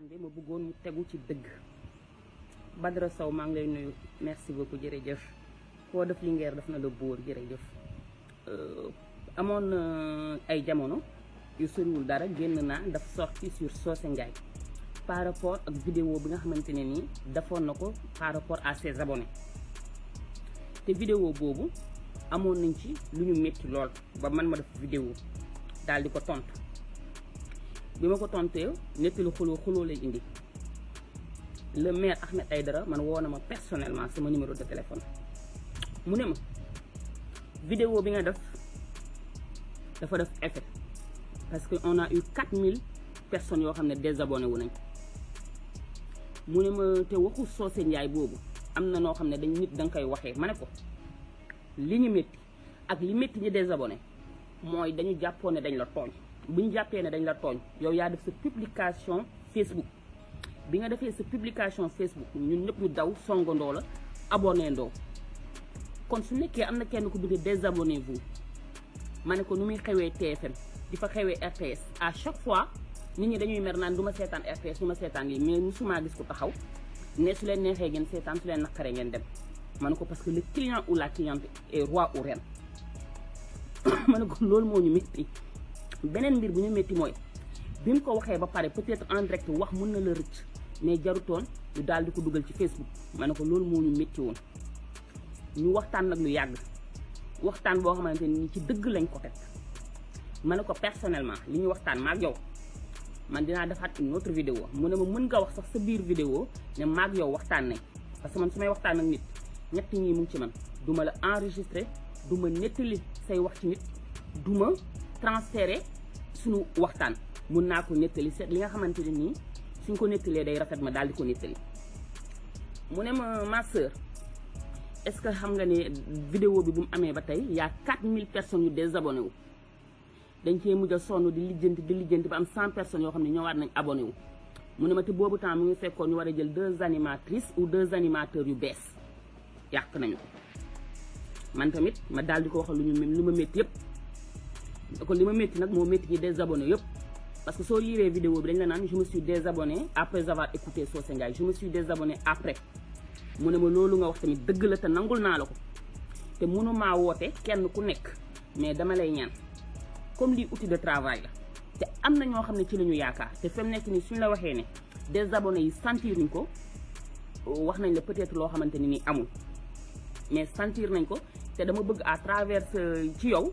waxtaan bi ma bëggoon mu tegu ci dëgg Badara Sow maa ngi lay nuyu merci beaucoup jërëjëf koo def li ngeer def na la bóor jërëjëf euh, amoon na euh, ay jamono yu soriwul dara génn naa daf sorti sur Socé Ngaye par rapport ak vidéo bi nga xamante ne nii defoon na ko par rapport à ses te vidéo boobu amoon nañ ci lu ñu métti lool ba man ma def vidéo daal di ko tontu. bi tanté ko tontee nettalu xuloo lay indi le maire Ahmed Aïdara man woo na ma personnellement sama numéro de téléphone mu ne vidéo bi nga def dafa def effet parce que on a eu 4000 personnes yoo xam ne désabonné wu nañ mu ne ma te waxu soose njaay boobu am na noo xam ne dañ nit da nga koy waxee ma ne ko li ñu métti ak li métti ñu désabonné mooy dañu jàppoon dañ la tooñ bu ñu né dañ la togn yow ya def sa publication Facebook bi nga défé sa publication Facebook ñun ñëpp ñu daw songandoo la abonné ndo kon su nekkee amna kenn ku bëgg désabonnez-vous mané ko nu muy TFM difa xewé RPS RTS à chaque fois nit ñi dañuy mer naan duma ma RPS RTS du ma seetaan lii mais musuma gis ko taxaw ne su leen neexee ngeen seetaan su leen naqaree dem mané ko parce que le client ou la cliente est roi ou reine mané ko lool mo ñu métti beneen mbir bi ñu métti mooy bi mu ko waxee ba pare peut-être en direct wax mun na la rëcc mais jarutoon ñu daal di ko dugal ci Facebook ma ne ko loolu moo ñu métti woon ñu waxtaan nag lu yàgg waxtaan boo xamante ni ci dëgg lañ ko teg ma ne ko personnellement li ñu waxtaan maag yow man dinaa defaat une autre vidéo mu ne ma mën nga wax sax sa biir vidéo ne maag yow waxtaan nañ parce que man su may waxtaan nag nit ñett ñii mu ci man du ma la enregistré du ma nettali say wax ci nit du transféré suñu waxtaan mun naa ko nettali seet li nga xamante ne nii suñ ko nettalee day rafet ma daal di ko nettali mu ne ma ma est-ce que xam nga ne vidéo bi bu mu amee ba tey y'a mille personne yu désabonné wu dañ cee mujj sonn di lijjanti di lijjanti ba am 100 personnes yoo xam ne ñëwaat nañ abonné wu mu ne ma te boobu temps mu ngi fekkoon ñu war a jël deux animatrices ou deux animateurs yu bees yàq nañu man tamit ma daal di ko waxal lu ñu lu ma métti yëpp kon li ma métti nag moo métti des désabonné yëpp parce que soo yiree vidéo bi dañ la naan je me suis désabonné après avoir écouté Socé Ndiaye je me suis désabonné après mu ne ma loolu nga wax tamit dëgg la te nangul naa la ko te mënumaa woote kenn ku nekk mais dama lay ñaan comme lii outil de travail la te am na ñoo xam ne ci la ñu yaakaar te fi mu nekk nii suñ la waxee ne désabonné yi sentir nañ ko wax nañ la peut-être loo xamante ni nii amul mais sentir nañ ko te dama bëgg à travers ci yow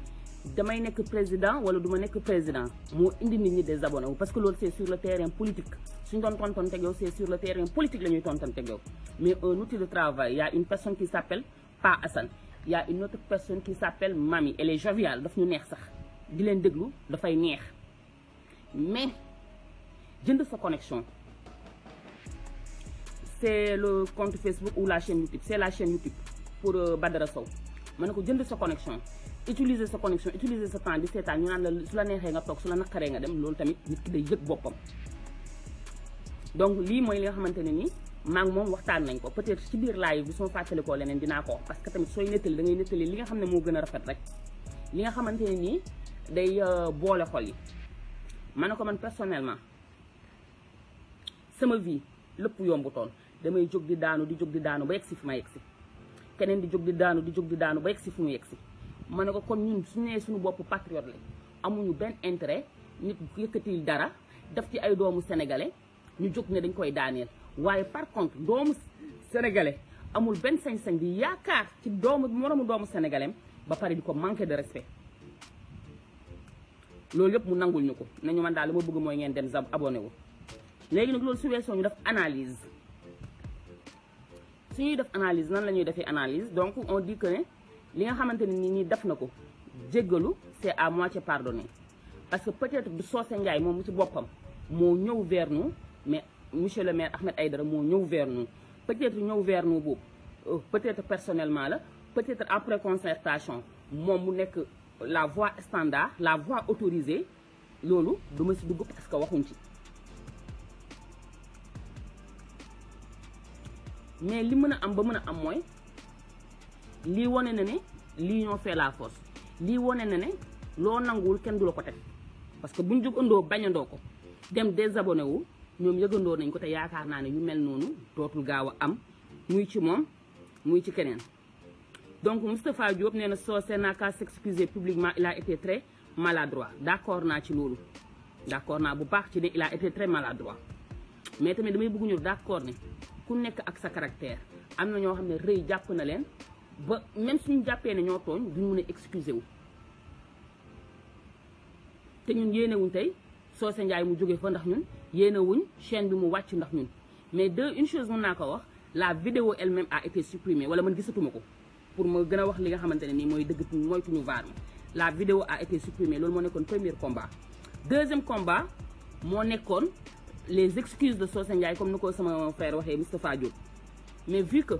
damay nekk président wala Président ou le président moo indi des abonnés parce que c'est c'est sur le terrain politique Si on tonton sur le terrain politique la sur le mais un outil de travail il y' a une personne qui s'appelle Pa Hassan Il y' a une autre personne qui s'appelle Mami elle est joviale daf ñu neex sax di leen déglu mais neex mais jënd sa connexion C'est le compte Facebook ou la chaîne YouTube C'est la chaîne YouTube pour euh, Badara Sow ma ne connexion utiliser sa connexion utiliser sa temps di seetaan ñu naan la su la neexee nga toog su la naqaree nga dem loolu tamit nit ki day yëg boppam. donc lii mooy li nga xamante ne nii maa moom waxtaan nañ ko peut-être ci biir live bi su ma fàttalikoo leneen dinaa ko wax parce que tamit sooy nettali da ngay nettali li nga xam ne moo gën a rafet rek li nga xamante ne nii day euh, boole xol yi ma ne ko man personnellement sama vie lépp yombutoon damay jóg di daanu di jóg di daanu ba yegsi fi ma yegsi keneen di jóg di daanu di jóg daanu ba yegsi fu mu yegsi Je ne ko kon ñun su sommes suñu bop patriote Nous amuñu ben intérêt nit dara ci ay doomu sénégalais ñu dañ koy par contre doomu sénégalais amul ben sañ-sañ yaakaar ci doomu doomu sénégalais ba manquer de respect loolu yëpp mu nangul ñu ko nañu man bëgg ngeen dem abonné wu su ñu analyse analyse nan la analyse donc on dit que li nga xamanteni ni ni def nako ko c'est à moi de pardonner parce que peut-être du Socé Ndiaye moom ci bopam mo ñëw vers nous mais monsieur le maire Ahmed Aïdara mo ñëw vers nous peut-être ñëw vers nous euh, peut-être personnellement la peut-être après concertation mom mu nek la voie standard la voie autorisée lolu du ma ci dugg parce que waxuñ ci mais li meuna am ba meuna am moy li woné né ne ñoo fait la force li woné né lo nangul kenn du la ko parce que buñu jugandoo bañandoo ko dem désabonné wu ñom yëgëndo nañ ko té yaakar na né yu mel nonu dootul gaawa am muy ci mom muy ci kenen donc mustapha Diop nee na Socé n'a qu'à s'excuser publiquement il a été très maladroit d'accord na ci lolu d'accord na bu baax ci né il a été très maladroit mais tamit damay bëgg ñu d'accord ne ku nekk ak sa caractère am na ñoo xam ne rëy na len Men soun dja pene nyon ton, di moun e ekskuse ou. Te yon yene woun te, Sosan Ndiaye moun jogye fwen dah yon, yene woun, chen di moun wachin dah yon. Men de, yon chouz moun nan kawak, la video el men a ete suprime, wale moun gise pou moko. Pour moun gana wak liga hamantene, ni moun yi degit moun, moun yi tou nou varm. La video a ete suprime, loun moun ekon premier komba. Dezem komba, moun ekon, les ekskuse de Sosan Ndiaye, moun moun ekon moun moun moun moun moun moun moun moun moun moun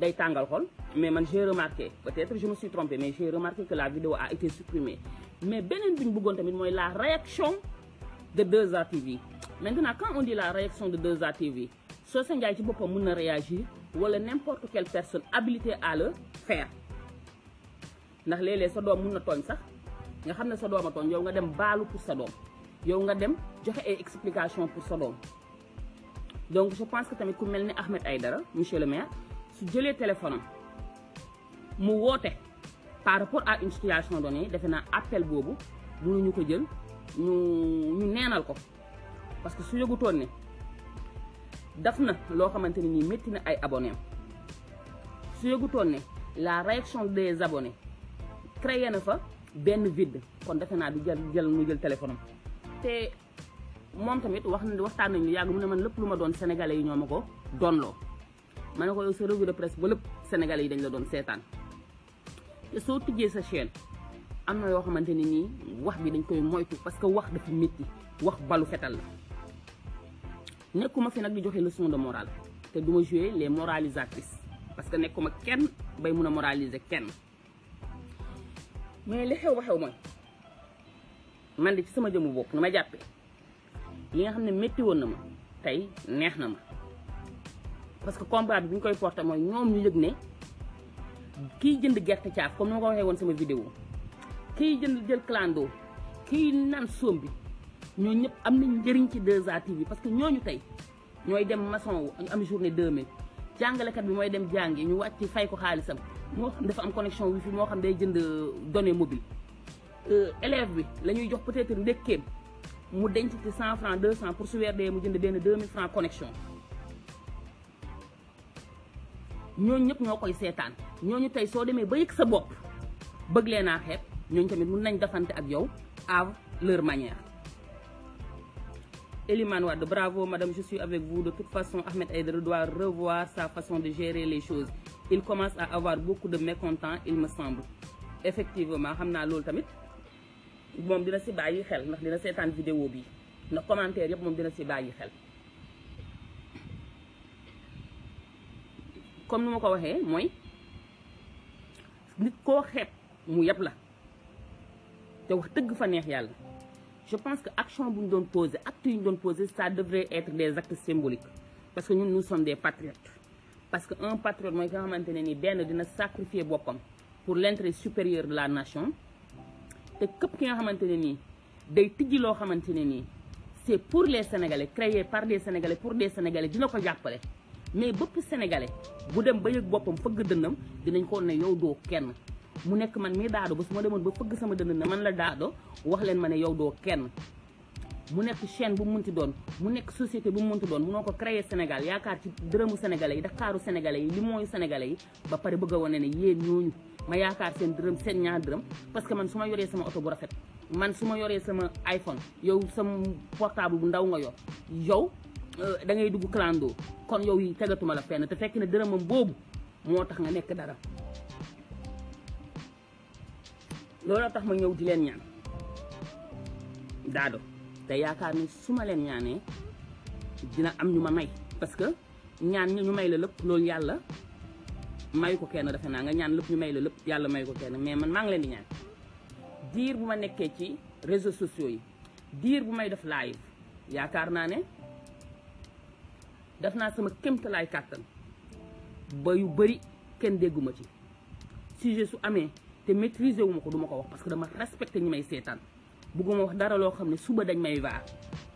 mais j'ai remarqué peut-être je me suis trompé mais j'ai remarqué que la vidéo a été supprimée mais je la réaction de 2A TV maintenant quand on dit la réaction de 2A TV ce ci bopam réagir wala n'importe quelle personne habilitée à le faire ndax sa doom sax nga sa pour sa doom yow nga dem pour sa donc je pense que tamit Ahmed monsieur le maire su jëlee téléphone mu woote par rapport à une situation defe naa appel boobu mënuñu ko jël ñu ñu neenal ko parce que su yëgutoon ne daf na loo xamante ne nii métti na ay abonné am su yëgutoon ne la réaction des abonnés créé na fa benn vide kon defe naa du jël jël mu jël téléphone te moom tamit wax na waxtaan nañu yàgg mu ne man lépp lu ma doon sénégalais yi ñoo ma ko doon ma ne ko yow sa revue de presse ba lépp Sénégalais yi dañ la doon seetaan te soo tijjee sa chaîne am na yoo xamante ne nii wax bi dañ koy moytu parce que wax dafa métti wax balu fetal la nekkuma fi nag di joxe leçon de morale te du ma jouer les moralisatrices parce que nekkuma kenn bay mun a moraliser kenn mais li xew ba xew mooy man de ci sama jëmu bopp nu ma jàppee li nga xam ne métti woon na ma tey neex na ma parce que combat bi bi ñu koy porté mooy ñoom ñu yëg ne kiy jënd gerte caaf comme ni ma ko waxee woon sama vidéo ki jënd jël clando ki nan sombi ñoo ñep am nañ njëriñ ci 2A TV parce que ñooñu tay ñoy dem maçon wu am journée 2000 mai kat bi moy dem jangé ñu wàcc fay ko xalissam mo xam dafa am connexion wifi mo xam day jënd données mobile euh élève bi lañuy jox peut-être ndekkeem mu denc ci 100 francs 200 pour su weer dee mu jënd ben 2000 francs connexion ñoñ ñep ñoo koy seetaan ñooñu tey soo demee ba yëg sa bop bëgg léna xép ñoñ tamit mën nañ defante ak yow à leur manière. Eliman Wade bravo madame je suis avec vous de toute façon Ahmed Aider doit revoir sa façon de gérer les choses il commence à avoir beaucoup de mécontents il me semble effectivement xamna lool tamit mom dina ci bayyi xel ndax dina sétane vidéo bi na commentaire yëpp mom dina ci bayyi xel. comme nous ma dit, waxee mooy nit koo xeeb yeb je pense que action que nous doon poser acte yu poser ça devrait être des actes symboliques parce que nous, nous sommes des patriotes parce que un patriote mooy nga ni de dina sacrifier pour l'intérêt supérieur de la nation Et comme ki nga xamante c'est pour les sénégalais créé par des sénégalais pour des sénégalais dina ko jàppale mais bëpp sénégalais bu dem ba yëg boppam fëgg dënnam dinañ ko ne yow doo kenn mu nekk man mii daado ba su ma demoon ba fëgg sama dënn ne man la daado wax leen ma ne yow doo kenn mu nekk chaîne bu mu munti doon mu nekk société bu mu munti doon munoo ko créer Sénégal yaakaar ci dërëmu sénégalais yi dakaaru sénégalais yi li mooyu sénégalais yi ba pare bëgg a wane ne yéen ñooñu ma yaakaar seen dërëm seen ñaar dërëm parce que man su ma yoree sama oto bu rafet man su ma yoree sama iPhone yow sama portable bu ndaw nga yor yow Euh, da ngay dugg clando kon yow yi tegatuma la fenn te fekk ne dërëmam boobu moo tax nga nekk dara looloo tax ma ñëw di leen ñaan daado te yaakaar ni su ma leen ñaanee dina am ñu ma may parce que ñaan ñu may la lëpp loolu yàlla may ko kenn defe naa nga ñaan lépp ñu may la lépp yàlla may ko kenn mais man maa ngi leen di ñaan diir bu ma nekkee ci réseaux sociaux yi diir bu may def live yaakaar naa ne def naa sama kéemtalaay kàttan ba yu bëri kenn dégguma ci sujet su amee te maîtriser wu ko duma ko wax parce que dama respecté ñi may seetaan bëgguma wax dara loo xam ne suba dañ may vaar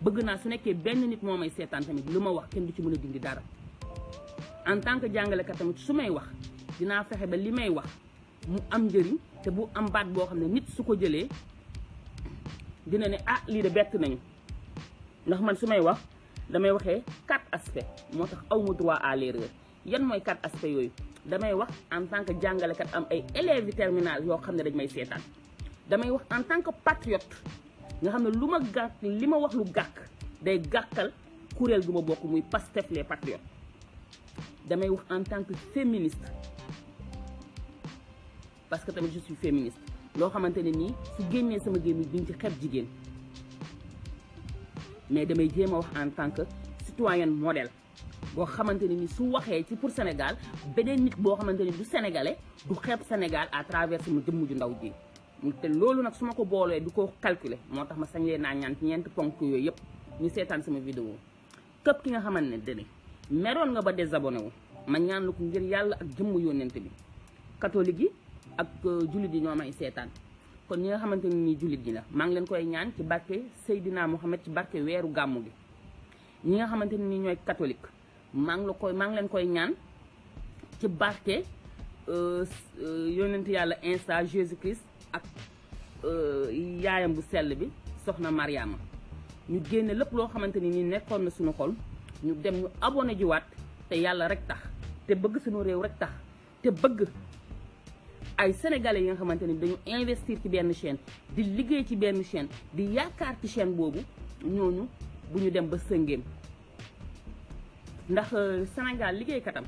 bëgg naa su nekkee benn nit moo may seetaan tamit lu ma wax kenn du ci mën a dindi dara en tant que jàngale jàngalekat tamit su may wax dinaa fexe ba li may wax mu am njëriñ te bu am baat boo xam ne nit su ko jëlee dina ne ah lii de bett nañu ndax man su may wax damay waxé quatre aspects motax awmu aw droit à l'erreur yan moy quatre aspects yoy damay wax en tant que kat am ay élèves terminale yo xamné dañ may seetaan damay wax en tant que patriote nga xamné luma lu ma gàkk wax lu gàkk day gàkkal kuréel guma bok bokk muy Pastef les patriotes damay wax en tant que féministe parce que tamit je suis féministe lo xamante ni nii su génnee sama gémmiñ biñ ci xeeb jigen mais de djema en tant que citoyen modèle Je xamanteni ni su waxé ci pour Sénégal nit du sénégalais du Sénégal à travers sama jëmm ju ndaw ji té ko du ko calculer motax ma ñaan ñu vidéo ki nga nga ba désabonné wu ma ñaan lu ngir ak bi catholique euh, kon ñi nga xamante ni nii jullit ñi la maa ngi leen koy ñaan ci barke Seydina Mohamed ci barke weeru gàmmu gi ñi nga xamante ni nii ñooy katolik maa ngi la koy maa leen koy ñaan ci barke euh, euh, yonent yàlla Insa Jésus Christ ak euh, yaayam bu sell bi soxna Mariama ñu génne lépp loo xamante ni nii nekkoon na suñu xol ñu dem ñu a jiwaat te yàlla rek tax te bëgg suñu réew rek tax te bëgg ay sénégalais yi nga xamanteni dañu investir ci benn chaîne di liggéey ci benn chaîne di yaakaar ci chaîne boobu ñooñu bu ñu dem ba sëngéem ndax euh, Sénégal liggéeykatam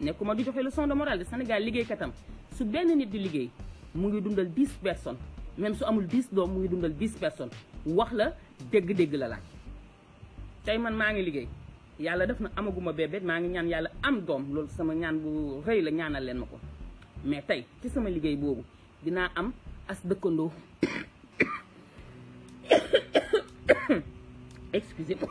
nekkuma du joxe leçon de moral de Sénégal katam su benn nit di liggéey mu ngi dundal 10 personnes même su amul 10 doom mu ngi dundal 10 personnes wax la dégg-dégg la laaj tey man maa ngi liggéey yàlla def na amaguma bébét maa ngi ñaan yàlla am doom loolu sama ñaan bu rëy la ñaanal leen ma ko Mwen tay, ki sa mwen ligay bo ou, dina am as dekondo. Ekskuse pou.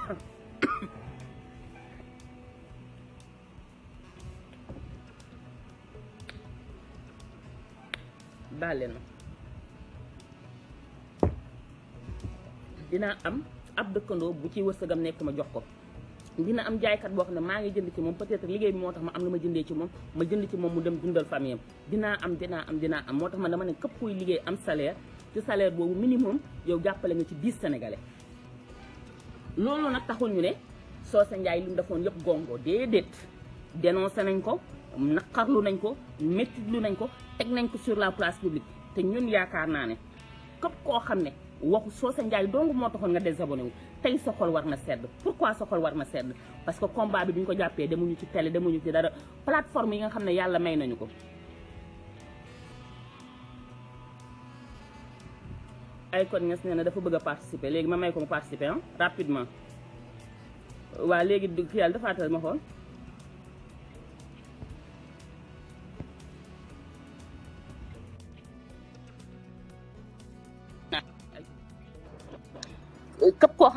Balen. Dina am ap dekondo, bwiki wese gamne kou ma djokop. dina am jaaykat boo xam ne maa ngi jënd ci moom peut-être liggéey bi moo tax ma am la ma jëndee ci moom ma jënd ci moom mu dem dundal famille am dinaa am dinaa am dina am moo tax ma dama ne képp kuy liggéey am salaire ci salaire boobu minimum yow jàppale nga ci 10 sénégalais. loolu nag taxul ñu ne Socé Ndiaye li mu defoon yëpp gongo déedéet dénoncé nañ ko naqarlu nañ ko méttitlu nañ ko teg nañ ko sur la place publique te ñun yaakaar naa ne képp koo xam ne. waxu Socé Ndiaye dong moo taxoon nga des wu tey sa xol war na sedd pourquoi sa xol war na sedd parce que combat bi bi ñu ko jàppee demuñu ci télé ñu ci dara plateforme yi nga xam ne yàlla may nañu ko ay kon nges nee na dafa bëgg a participer léegi ma may ko mu participer ah rapidement waa léegi kii yàlla dafaatal ma xool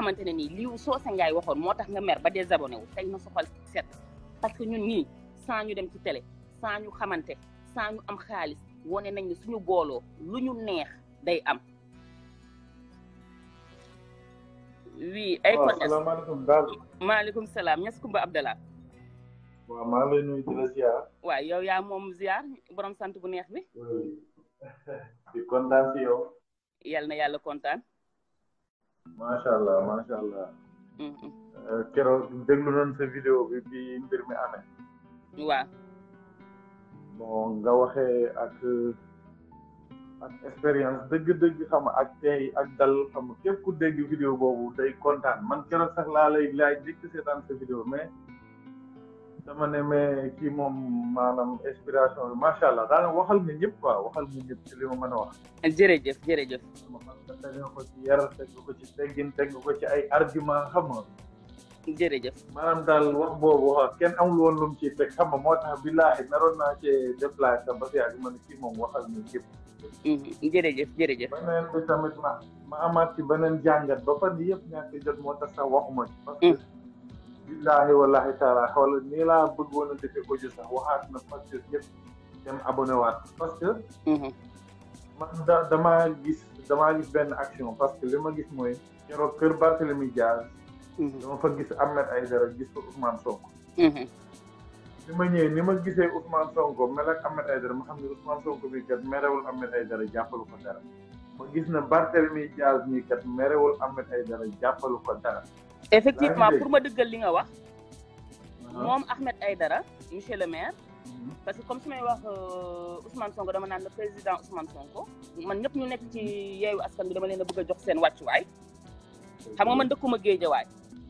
xamante ne nii liiw soo sa ngaay waxoon moo tax nga mer ba désabonné wu tey na soxal set parce que ñun ñii sans ñu dem ci télé saa ñu xamante sans ñu am xaalis wone nañ ne suñu booloo lu ñu neex day am oui ay kon salaam ñas Kumba Abdallah maa ngi lay di la ziar waaw yow yaa moom ziar borom sant bu neex bi di yal na yàlla kontaan macha allah macha allah. Mm-hmm. Eh, kero déglu nañ sa vidéo bi bi mbir mi amee. waaw. bon nga waxee ak ak expérience dëgg-dëgg xam ak tey ak dal xam képp ku dégg vidéo boobu tey kontaan man keroog sax laa lay laaj njëkk seetaan sa vidéo mais. dama ne mais kii moom maanaam inspiration bi macha allah daanaka waxal nga ñëpp quoi waxal nga ñëpp ci li ma mën a wax. jërëjëf jërëjëf. ma xam ne teg nga ko teg nga ko ci ay argument xam nga. jërëjëf. maanaam daal wax boobu wax kenn amul woon lu mu ciy teg xam moo tax billaahi naroon naa cee déplacé sa basi ak man kii moom waxal nga ñëpp. Mm-hmm. jërëjëf jërëjëf. beneen bi tamit ma ma amaat ci beneen jàngat ba fan yëpp ñaata jot moo tax sax waxuma ci. parce billaahi wallaahi taala xoolal nii laa bëggoon a defee audio sax waxaat na parce que yëpp dem abonné mhm. damaa gis damaa gis benn action parce que li ma gis mooy. keroog kër Barthélemy Diaz. Mhm. dama fa gis Ahmed Aïdara gis ko Ousmane Sonko. li mhm. ma ni ma gisee Ousmane Sonko mel ak Ahmed Aïdara ma xam ne Ousmane Sonko bi kat merewul Ahmed Aïdara jàppalu ko dara. ma gis na Barthélemy Diaz mii kat merewul Ahmed Aïdara jàppalu ko dara. effectivement pour ma dëggal li nga wax uh-huh. moom Ahmed Aïdara monsieur le maire uh-huh. parce que comme su may wax euh, Ousmane Sonko dama naan la président Ousmane Sonko man ñëpp ñu nekk ci yeewu askan bi dama leen a bëgg a jox seen wàccuwaay xam nga man dëkkuma géejawaay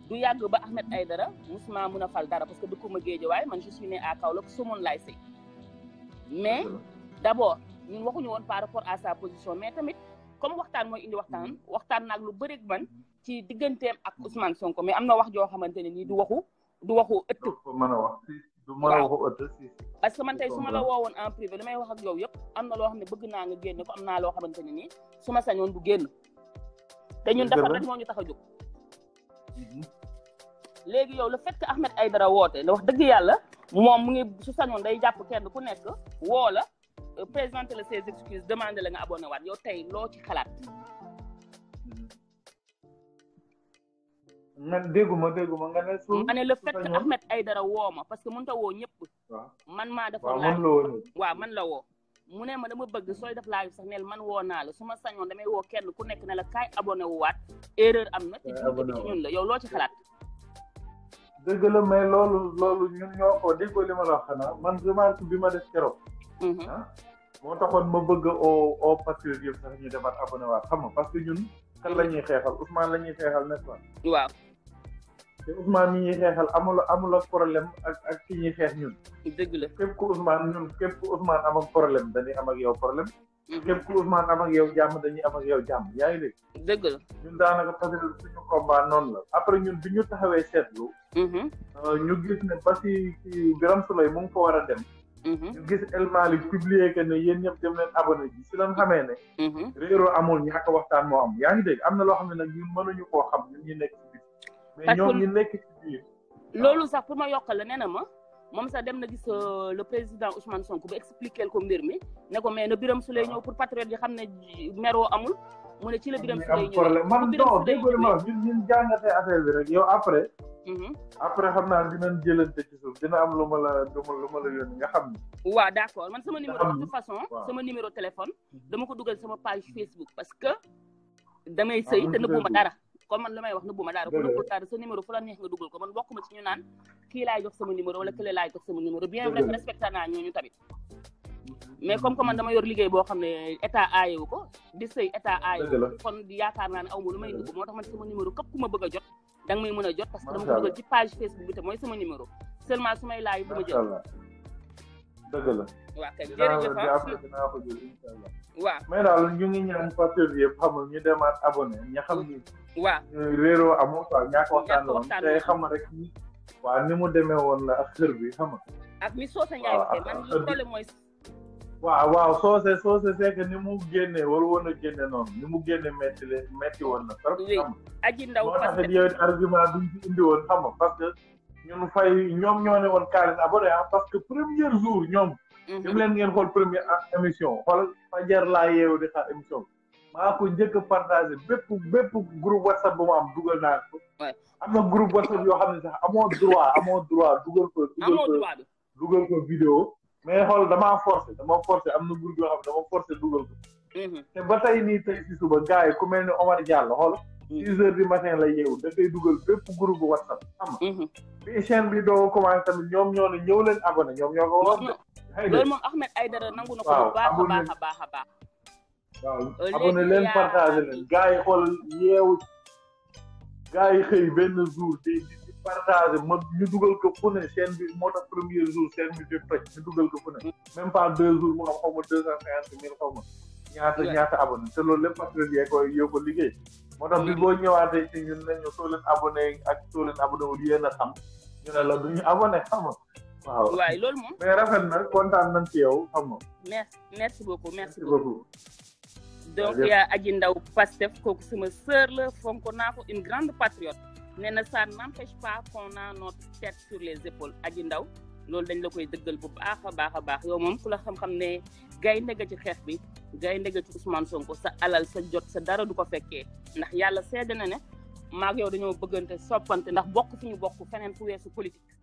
du yàgg ba Ahmed Aïdara musuma mun a fal dara parce que dëkkuma géejawaay man je suis né à su Somone laay sëy mais d'abord ñun waxuñu woon par rapport à sa position mais tamit comme waxtaan mooy indi waxtaan mm-hmm. waxtaan naag lu bëri man mm-hmm. ci digganteem ak Ousmane Sonko mais am na wax joo xamante ne nii du waxu du waxu ëtt mën a wax du mën a waxu ëtt parce que man tey su ma la woowoon en privé li may wax ak yow yëpp am na loo xam ne bëgg naa nga génn ko am naa loo xamante ne nii su ma sañoon du génn te ñun dafa rek moo ñu tax a jóg mm-hmm. léegi yow le fait que Ahmed Aydara woote wax dëgg yàlla moom mu ngi su sañoon day jàpp kenn ku nekk woo la présenter la ses excuses demander la nga abonné waat yow tey loo ci xalaat. Mm-hmm. man dégguma dégguma nga ne. su ma ne le fait que woo ma parce que mënut woo ñëpp. man maa dafa laaj waaw man la woo. mu ne ma dama bëgg sooy def live sax neel man su ma sañoon damay woo kenn ku nekk ne la kaay abonné wu waat am na. te ci la yow loo ci xalaat. dëgg la loolu loolu ñun ñoo ko déggoo li wax xanaa man remarque bi ma def keroog. Mm-hmm. Ah. mo taxone ma bëgg o o oo patriote yëpp sax ñu defaat abonné waat xam nga parce que ñun kan la ñuy xeexal Ousmane la ñuy xeexal n'est-ce pas waaw ya, te Ousmane mi ñuy xeexal amul amul ak problème ak ak ki ñuy xeex ñun dëgg la képp ku Ousmane ñun képp ku Ousmane am ak problème dañuy am ak yow problème mhm. képp ku Ousmane am ak yow jàmm dañuy am ak yow jàmm yaa ngi dégg dëgg la ñun daanaka parce que suñu combat noonu la après ñun bi ñu taxawee seetlu mhm. eh, ñu gis ne ba si si Birame Soleil mu ngi ko war a dem ñu mm-hmm. gis El Malick publié que ne yéen ñëpp leen abonné ji si lan xamee ne. Mm-hmm. réeroo amul ñàkk waxtaan moo am yaa ngi dégg am na loo xam ne nag ñun mënuñu koo xam ñun ñu nekk ci biir. loolu sax pour ma yokkal la nee na ma moom sax dem na gis euh, le président Ousmane Sonko bu expliqué ko mbir mi ne ko mais na Birame Souleye ñëw pour patriote yi xam ne meroo amul. mu ne ci la Birame Souleye ñëw man non dégg nga ñun ñun jàngatee affaire bi rek yow après. Mhm. après xam naa dinañ jëlante ci suuf dina am lu ma la lu ma lu ma la yónni nga xam ni waaw d' man sama numéro de toute façon sama numéro téléphone mhm. dama ko dugal sama page Facebook parce que damay sëy ah, te nëbbuma dara comme man lu may wax nëbbuma dara dara sa numéro fu la neex nga dugal ko man ma ci ñu naan kii laay jox sama numéro wala kële laay jox sama numéro bien vrai respecté naa ñooñu tamit mhm. mais comme que man dama yor liggéey boo xam ne état aayewu ko di sëy état aayewu kon yaakaar naa ne aw ma lu may nëbb moo tax bëgg a da nga may mën a jot parce que dama ko dugal ci page Facebook bi te mooy sama numéro seulement su may laaj bu ma jël la waa kay jërëjëf ah. dinaa ko jël incha allah waaw mais daal ñu ngi ñaan partenaires yëpp xam nga ñu demaat abonné ña xam ni waaw réeroo amul quoi ñàkk waxtaan xam rek ni waa ni mu demee woon la ak xër bi xam nga ak mi soo sa njaay man problème mooy waaw waaw soose soose c'est que ni mu génne war woon a génne noonu ni mu génne metti leen metti ndaw parce que argument bi ñu ci indi woon xam nga parce que ñun fay ñoom ñoo ne woon kaalis abonné ah parce que premier jour ñoom dem mhm. leen ngeen xool première ah, émission xool fajar laa yeewu di xaar émission maa ko njëkk a bépp bépp groupe whatsapp bu am dugal naa ko am na groupe whatsapp yoo xam ne sax amoo droit amoo droit dugal ko dugal ko vidéo mais xool damaa forcé dama forcé am na mbir yoo xam dama forcé dugal ko. Mhm. te ba tey nii tey si suba gars yi ku mel ni Omar Diallo xool. Mhm. six heures du matin la yeewu da koy dugal bépp groupe WhatsApp xam mhm. bi chaîne bi doo commencé tamit ñoom ñoo ne ñëw leen abonné ñoom ñoo ko waroon. xëy na loolu moom nangu na a baax a baax a baax. waaw abonné leen partagé leen gars yi yeewu. gars xëy benn jour di partagé ma ñu dugal ko fu ne chaîne bi moo tax premier jour chaîne bi di ñu dugal ko fu ne même pas deux jours mu am xaw deux cent cinquante mille xaw ñaata ñaata abonné te loolu lépp partenaires yee koy yow ko liggéey moo tax bi boo ñëwaatee ci ñun nañu soo leen abonné ak soo leen abonné a xam ñu ne la du ñu abonné xam waaw waay loolu moom mais rafet na kontaan nañ ci xam merci beaucoup merci beaucoup donc yaa aji ndaw Pastef kooku sama sœur la fonk naa ko nee na ça n'empêche pas qu'on a notre tête sur les épaules aji ndaw loolu dañ la koy dëggal bu baax a baax a baax yow moom ku la xam-xam ne gaynde nga ci xeex bi gaynde nga ci Ousmane Sonko sa alal sa jot sa dara du ko fekkee ndax yàlla seede na ne maag yow dañoo bëggante soppante ndax bokk fu ñu bokk feneen fu weesu politique